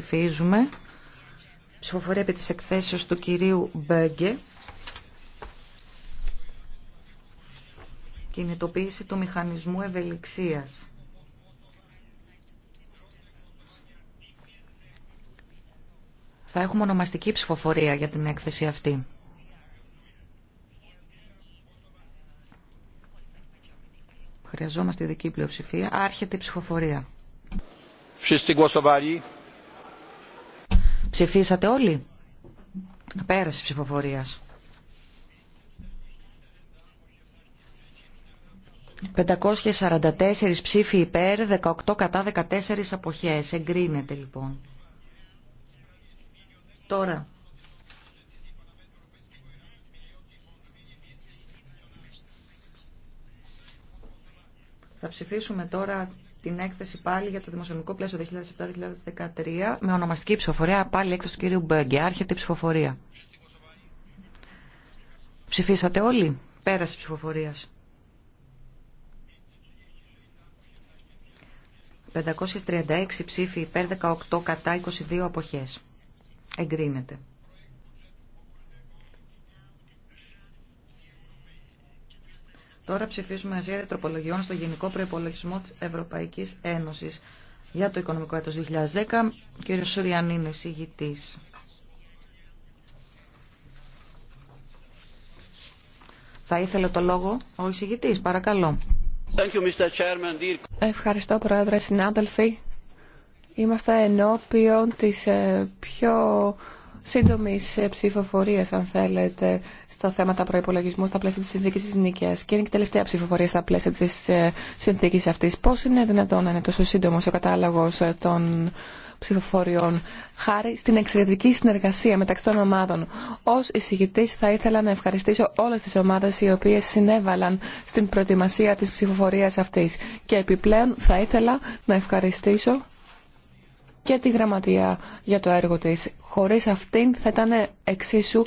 Ψηφίζουμε. Ψηφοφορία επί της εκθέσεως του κυρίου Μπέγκε. Κινητοποίηση του μηχανισμού ευελιξίας. Θα έχουμε ονομαστική ψηφοφορία για την έκθεση αυτή. Χρειαζόμαστε ειδική πλειοψηφία. Άρχεται η ψηφοφορία. Wszyscy głosowali. Ψηφίσατε όλοι. Πέρασε ψηφοφορία. 544 ψήφοι υπέρ, 18 κατά 14 αποχές. Εγκρίνεται λοιπόν. Τώρα. Θα ψηφίσουμε τώρα την έκθεση πάλι για το δημοσιονομικό πλαίσιο 2007-2013 με ονομαστική ψηφοφορία πάλι έκθεση του κυρίου Μπέγκε. Άρχεται η ψηφοφορία. Ψηφίσατε όλοι. Πέραση ψηφοφορία. 536 ψήφοι υπέρ 18 κατά 22 αποχές. Εγκρίνεται. Τώρα ψηφίζουμε σχέδιο τροπολογιών στο Γενικό Προπολογισμό τη Ευρωπαϊκή Ένωση για το οικονομικό έτος 2010. Κύριο Σουριανή είναι Θα ήθελε το λόγο ο εισηγητή, παρακαλώ. Ευχαριστώ Πρόεδρε, συνάδελφοι. Είμαστε ενώπιον της ε, πιο σύντομη ψηφοφορία, αν θέλετε, στα θέματα προπολογισμού στα πλαίσια τη συνθήκη τη Νίκαια. Και είναι και τελευταία ψηφοφορία στα πλαίσια τη ε, συνθήκη αυτή. Πώ είναι δυνατόν να είναι τόσο σύντομο ο κατάλογο ε, των ψηφοφοριών, χάρη στην εξαιρετική συνεργασία μεταξύ των ομάδων. Ω εισηγητή, θα ήθελα να ευχαριστήσω όλε τι ομάδε οι οποίε συνέβαλαν στην προετοιμασία τη ψηφοφορία αυτή. Και επιπλέον, θα ήθελα να ευχαριστήσω και τη γραμματεία για το έργο της. Χωρίς αυτήν θα ήταν εξίσου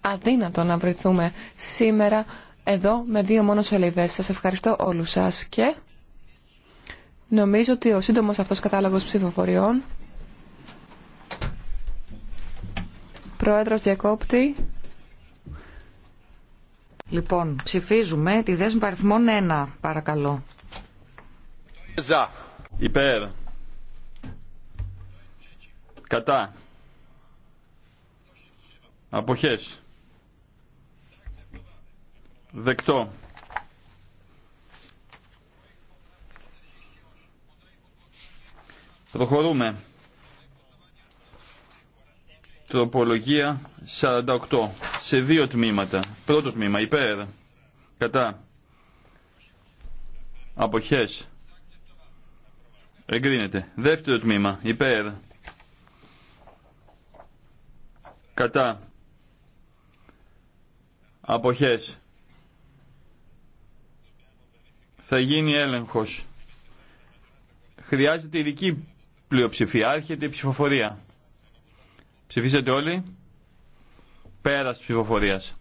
αδύνατο να βρεθούμε σήμερα εδώ με δύο μόνο σελίδες. Σας ευχαριστώ όλους σας και νομίζω ότι ο σύντομος αυτός κατάλογος ψηφοφοριών Πρόεδρος Διακόπτη Λοιπόν, ψηφίζουμε τη δέσμη παριθμών 1, παρακαλώ. Υπέρ κατά αποχές δεκτό προχωρούμε τροπολογία 48 σε δύο τμήματα πρώτο τμήμα υπέρ κατά αποχές εγκρίνεται δεύτερο τμήμα υπέρ κατά αποχές θα γίνει έλεγχος χρειάζεται ειδική πλειοψηφία άρχεται η ψηφοφορία ψηφίσατε όλοι πέρας της ψηφοφορίας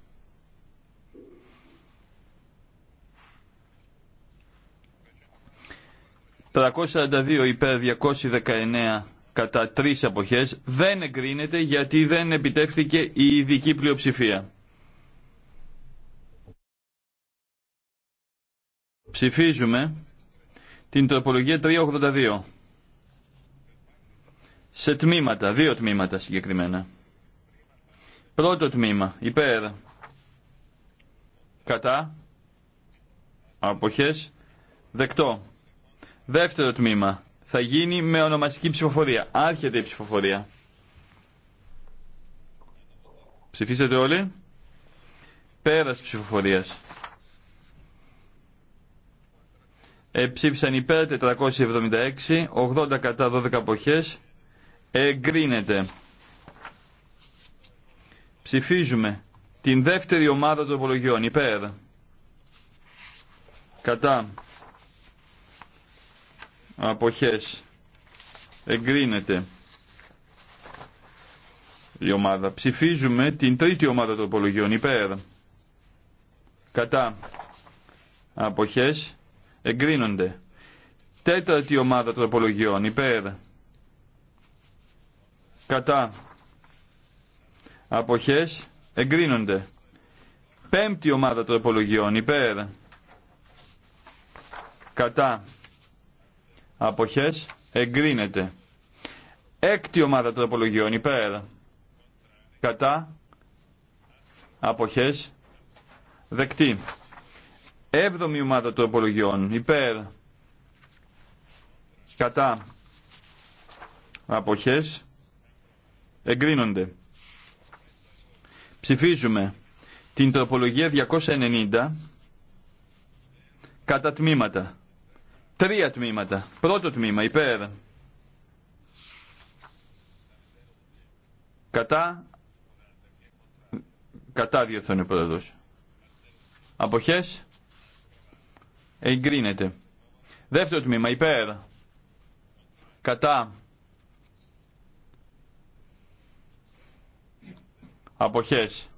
«342 υπέρ 219 κατά τρεις αποχές δεν εγκρίνεται γιατί δεν επιτεύχθηκε η ειδική πλειοψηφία. Ψηφίζουμε την τροπολογία 382. Σε τμήματα, δύο τμήματα συγκεκριμένα. Πρώτο τμήμα, υπέρ. Κατά. Αποχές. Δεκτό. Δεύτερο τμήμα, θα γίνει με ονομαστική ψηφοφορία. Άρχεται η ψηφοφορία. Ψηφίσατε όλοι. Πέρας ψηφοφορίας. Ε, ψήφισαν υπέρ 476, 80 κατά 12 αποχές. Εγκρίνεται. Ψηφίζουμε την δεύτερη ομάδα των υπολογιών υπέρ. Κατά αποχές εγκρίνεται η ομάδα. Ψηφίζουμε την τρίτη ομάδα τροπολογιών υπέρ. Κατά αποχές εγκρίνονται. Τέταρτη ομάδα τροπολογιών υπέρ. Κατά αποχές εγκρίνονται. Πέμπτη ομάδα τροπολογιών υπέρ. Κατά αποχές εγκρίνεται. Έκτη ομάδα των απολογιών υπέρ κατά αποχές δεκτή. Έβδομη ομάδα των απολογιών υπέρ κατά αποχές εγκρίνονται. Ψηφίζουμε την τροπολογία 290 κατά τμήματα. Τρία τμήματα. Πρώτο τμήμα, υπέρ. Κατά. Κατά διορθώνει ο Αποχές. Εγκρίνεται. Δεύτερο τμήμα, υπέρ. Κατά. Αποχές.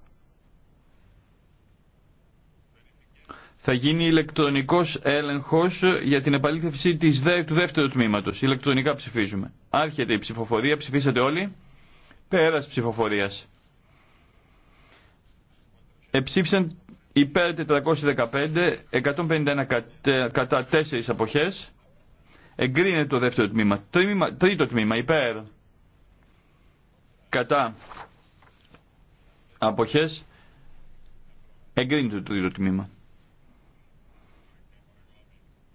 θα γίνει ηλεκτρονικός έλεγχος για την επαλήθευση της, του δεύτερου τμήματος. Ηλεκτρονικά ψηφίζουμε. Άρχεται η ψηφοφορία, ψηφίσατε όλοι. Πέρας ψηφοφορία. Εψήφισαν υπέρ 415, 151 κατά 4 αποχές. Εγκρίνεται το δεύτερο τμήμα. τμήμα τρίτο τμήμα, υπέρ. Κατά αποχές. Εγκρίνεται το τρίτο τμήμα.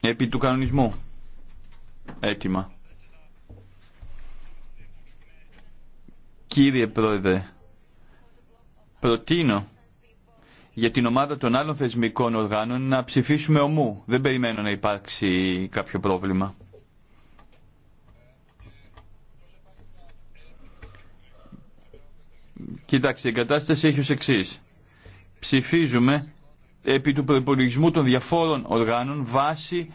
Επί του κανονισμού. Έτοιμα. Κύριε Πρόεδρε, προτείνω για την ομάδα των άλλων θεσμικών οργάνων να ψηφίσουμε ομού. Δεν περιμένω να υπάρξει κάποιο πρόβλημα. Κοιτάξτε, η κατάσταση έχει ως εξής. Ψηφίζουμε επί του προπολογισμού των διαφόρων οργάνων βάσει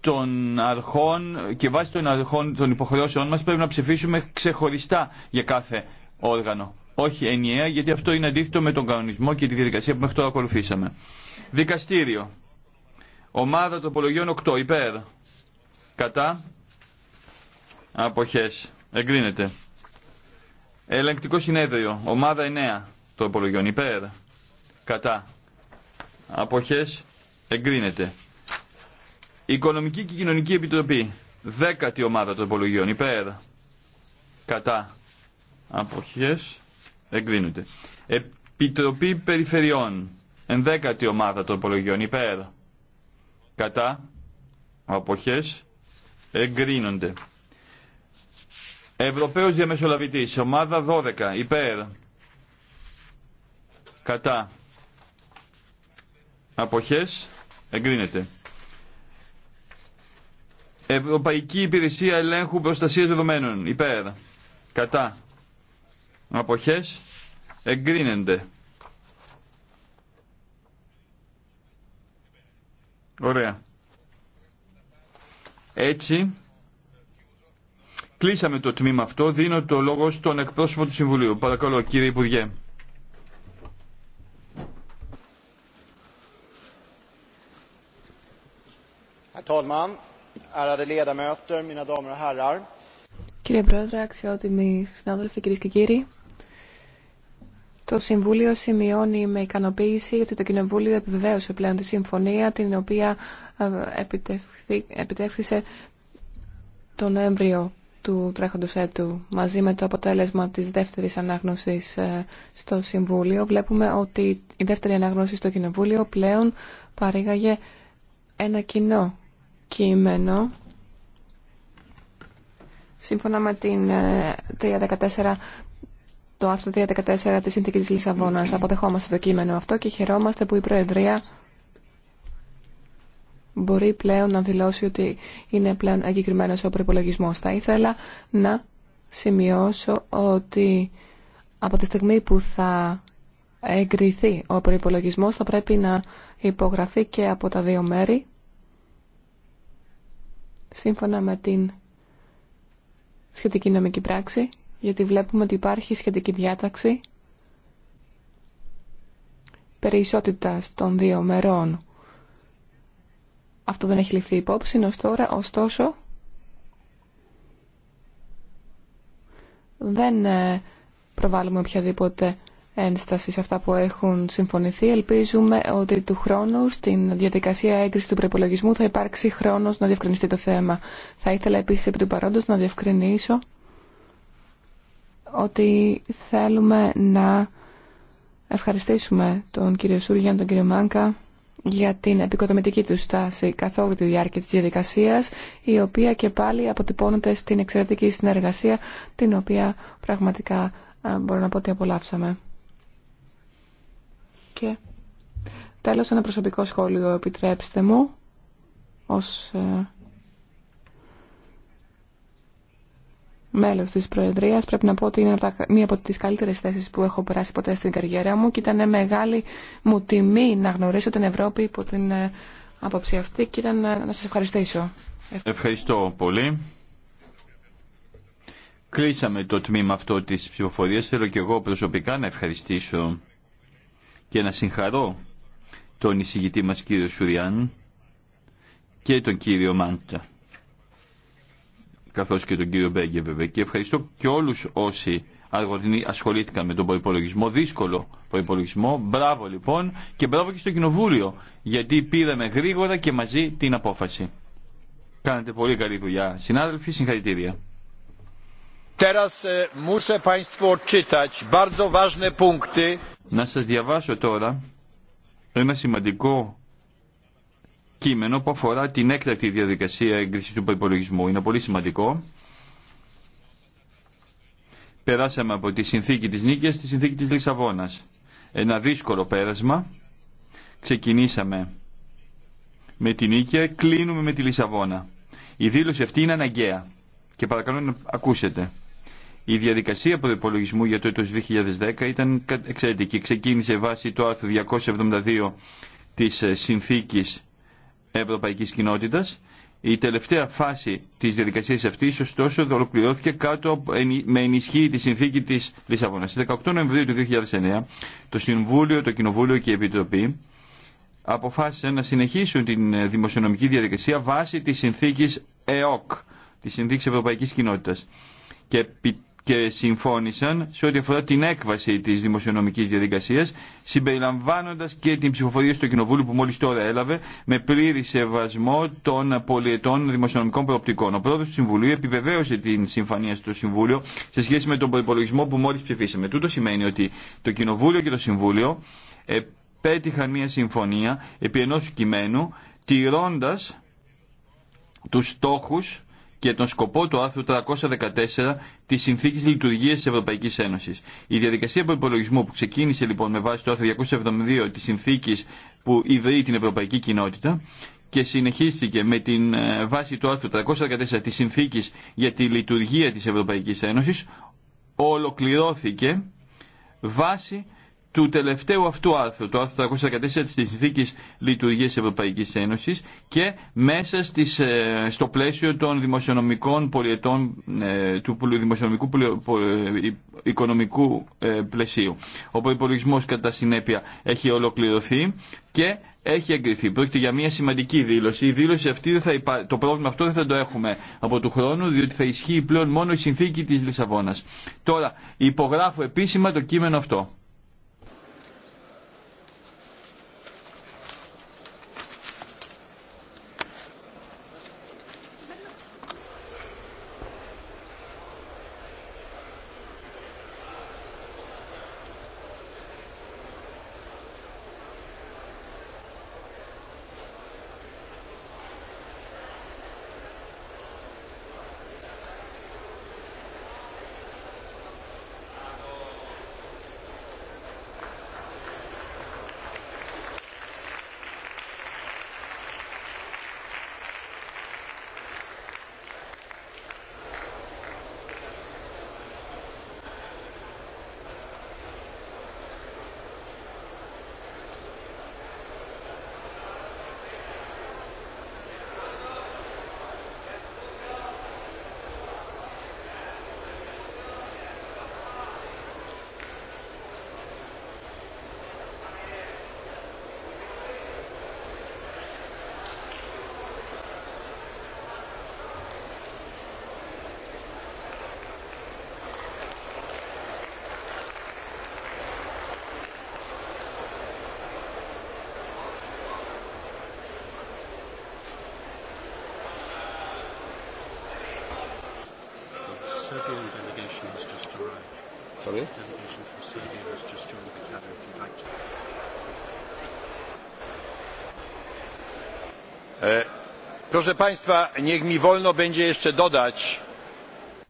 των αρχών και βάσει των αρχών των υποχρεώσεών μας πρέπει να ψηφίσουμε ξεχωριστά για κάθε όργανο. Όχι ενιαία γιατί αυτό είναι αντίθετο με τον κανονισμό και τη διαδικασία που μέχρι τώρα ακολουθήσαμε. Δικαστήριο. Ομάδα τοπολογιών 8 υπέρ. Κατά. Αποχές. Εγκρίνεται. Ελεγκτικό συνέδριο. Ομάδα 9 τοπολογιών υπέρ. Κατά αποχές εγκρίνεται. Οικονομική και Κοινωνική Επιτροπή, δέκατη ομάδα των υπολογιών, υπέρ, κατά, αποχές, εγκρίνεται. Επιτροπή Περιφερειών, ενδέκατη ομάδα των υπολογιών, υπέρ, κατά, αποχές, εγκρίνονται. Ευρωπαίος Διαμεσολαβητής, ομάδα 12, υπέρ, κατά, Αποχές. Εγκρίνεται. Ευρωπαϊκή Υπηρεσία Ελέγχου Προστασίας Δεδομένων. Υπέρ. Κατά. Αποχές. Εγκρίνεται. Ωραία. Έτσι, κλείσαμε το τμήμα αυτό. Δίνω το λόγο στον εκπρόσωπο του Συμβουλίου. Παρακαλώ, κύριε Υπουργέ. Κύριε Πρόεδρε, αξιότιμοι συνάδελφοι, κυρίε και κύριοι, το Συμβούλιο σημειώνει με ικανοποίηση ότι το Κοινοβούλιο επιβεβαίωσε πλέον τη συμφωνία την οποία ε, επιτέχθησε τον Νοέμβριο του τρέχοντος έτου μαζί με το αποτέλεσμα της δεύτερης ανάγνωσης ε, στο Συμβούλιο βλέπουμε ότι η δεύτερη ανάγνωση στο Κοινοβούλιο πλέον παρήγαγε ένα κοινό κείμενο σύμφωνα με την 314 ε, το άρθρο 314 της Συνθήκης της Λισαβόνας. Αποδεχόμαστε το κείμενο αυτό και χαιρόμαστε που η Προεδρία μπορεί πλέον να δηλώσει ότι είναι πλέον εγκεκριμένος ο προπολογισμό. Θα ήθελα να σημειώσω ότι από τη στιγμή που θα εγκριθεί ο προπολογισμό θα πρέπει να υπογραφεί και από τα δύο μέρη σύμφωνα με την σχετική νομική πράξη, γιατί βλέπουμε ότι υπάρχει σχετική διάταξη περί ισότητας των δύο μερών. Αυτό δεν έχει ληφθεί υπόψη ωστόσο δεν ε, προβάλλουμε οποιαδήποτε ένσταση σε αυτά που έχουν συμφωνηθεί. Ελπίζουμε ότι του χρόνου στην διαδικασία έγκριση του προπολογισμού θα υπάρξει χρόνο να διευκρινιστεί το θέμα. Θα ήθελα επίση επί του παρόντο να διευκρινίσω ότι θέλουμε να ευχαριστήσουμε τον κύριο Σούργιαν, τον κύριο Μάνκα για την επικοδομητική του στάση καθ' όλη τη διάρκεια της διαδικασίας, η οποία και πάλι αποτυπώνεται στην εξαιρετική συνεργασία, την οποία πραγματικά μπορώ να πω ότι απολαύσαμε. Και τέλος ένα προσωπικό σχόλιο, επιτρέψτε μου, ως ε, μέλος της Προεδρίας. Πρέπει να πω ότι είναι μία από τις καλύτερες θέσεις που έχω περάσει ποτέ στην καριέρα μου και ήταν μεγάλη μου τιμή να γνωρίσω την Ευρώπη υπό την ε, άποψη αυτή και ήταν ε, να σας ευχαριστήσω. Ευχαριστώ πολύ. Κλείσαμε το τμήμα αυτό της ψηφοφορίας. Θέλω και εγώ προσωπικά να ευχαριστήσω και να συγχαρώ τον εισηγητή μας κύριο Σουριάν και τον κύριο Μάντα καθώς και τον κύριο Μπέγκε βέβαια και ευχαριστώ και όλους όσοι ασχολήθηκαν με τον προϋπολογισμό δύσκολο προϋπολογισμό μπράβο λοιπόν και μπράβο και στο κοινοβούλιο γιατί πήραμε γρήγορα και μαζί την απόφαση κάνετε πολύ καλή δουλειά συνάδελφοι συγχαρητήρια ε, muszę Państwu odczytać bardzo ważne punkty να σας διαβάσω τώρα ένα σημαντικό κείμενο που αφορά την έκτακτη διαδικασία έγκρισης του προπολογισμού. Είναι πολύ σημαντικό. Περάσαμε από τη συνθήκη της Νίκης στη συνθήκη της Λισαβόνας. Ένα δύσκολο πέρασμα. Ξεκινήσαμε με τη Νίκαια, κλείνουμε με τη Λισαβόνα. Η δήλωση αυτή είναι αναγκαία και παρακαλώ να ακούσετε. Η διαδικασία προπολογισμού για το έτος 2010 ήταν εξαιρετική. Ξεκίνησε βάσει το άρθρο 272 της ε, Συνθήκης Ευρωπαϊκής Κοινότητας. Η τελευταία φάση της διαδικασίας αυτής, ωστόσο, ολοκληρώθηκε κάτω με ενισχύ τη συνθήκη της Λισαβόνας. Στις 18 Νοεμβρίου του 2009, το Συμβούλιο, το Κοινοβούλιο και η Επιτροπή αποφάσισαν να συνεχίσουν την ε, δημοσιονομική διαδικασία βάσει της συνθήκης ΕΟΚ, της Συνθήκης Ευρωπαϊκής Κοινότητας και συμφώνησαν σε ό,τι αφορά την έκβαση τη δημοσιονομική διαδικασία, συμπεριλαμβάνοντα και την ψηφοφορία στο Κοινοβούλιο που μόλι τώρα έλαβε, με πλήρη σεβασμό των πολιετών δημοσιονομικών προοπτικών. Ο πρόεδρος του Συμβουλίου επιβεβαίωσε την συμφωνία στο Συμβούλιο σε σχέση με τον προπολογισμό που μόλι ψηφίσαμε. Τούτο σημαίνει ότι το Κοινοβούλιο και το Συμβούλιο πέτυχαν μια συμφωνία επί ενό κειμένου, τηρώντα του στόχου και τον σκοπό του άρθρου 314 της Συνθήκης λειτουργία της Ευρωπαϊκής Ένωσης. Η διαδικασία προπολογισμού που ξεκίνησε λοιπόν με βάση το άρθρο 272 της Συνθήκης που ιδρύει την Ευρωπαϊκή Κοινότητα και συνεχίστηκε με την ε, βάση του άρθρου 314 της Συνθήκης για τη λειτουργία της Ευρωπαϊκής Ένωσης ολοκληρώθηκε βάσει του τελευταίου αυτού άρθρου, το άρθρο 314 της Συνθήκης Λειτουργίας Ευρωπαϊκής Ένωσης και μέσα στις, ε, στο πλαίσιο των δημοσιονομικών πολιετών ε, του δημοσιονομικού ε, οικονομικού πλαισίου. Ο υπολογισμό κατά συνέπεια έχει ολοκληρωθεί και έχει εγκριθεί. Πρόκειται για μια σημαντική δήλωση. Η δήλωση αυτή Το πρόβλημα αυτό δεν θα το έχουμε από του χρόνου, διότι θα ισχύει πλέον μόνο η συνθήκη της Λισαβόνας. Τώρα, υπογράφω επίσημα το κείμενο αυτό.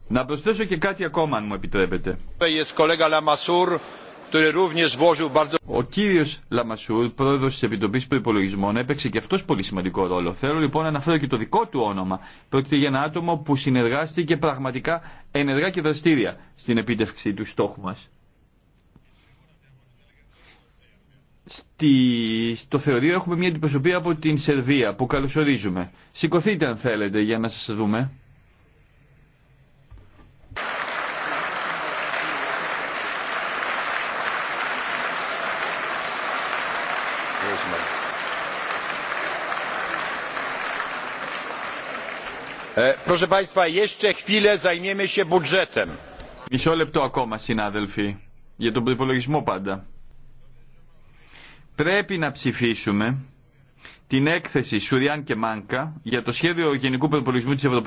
Να προσθέσω και κάτι ακόμα, αν μου επιτρέπετε. Ο κύριο Λαμασούρ, πρόεδρο τη Επιτροπή Προπολογισμών, έπαιξε και αυτό πολύ σημαντικό ρόλο. Θέλω λοιπόν να αναφέρω και το δικό του όνομα. Πρόκειται για ένα άτομο που συνεργάστηκε πραγματικά ενεργά και δραστήρια στην επίτευξη του στόχου μα. Στη, στο θεωρείο έχουμε μια αντιπροσωπεία από την Σερβία που καλωσορίζουμε. Σηκωθείτε αν θέλετε για να σας δούμε. Ε, proszę Państwa, jeszcze Μισό λεπτό ακόμα, συνάδελφοι, για τον προπολογισμό πάντα πρέπει να ψηφίσουμε την έκθεση Σουριάν και Μάνκα για το σχέδιο Γενικού Προπολογισμού της Ευρωπαϊκής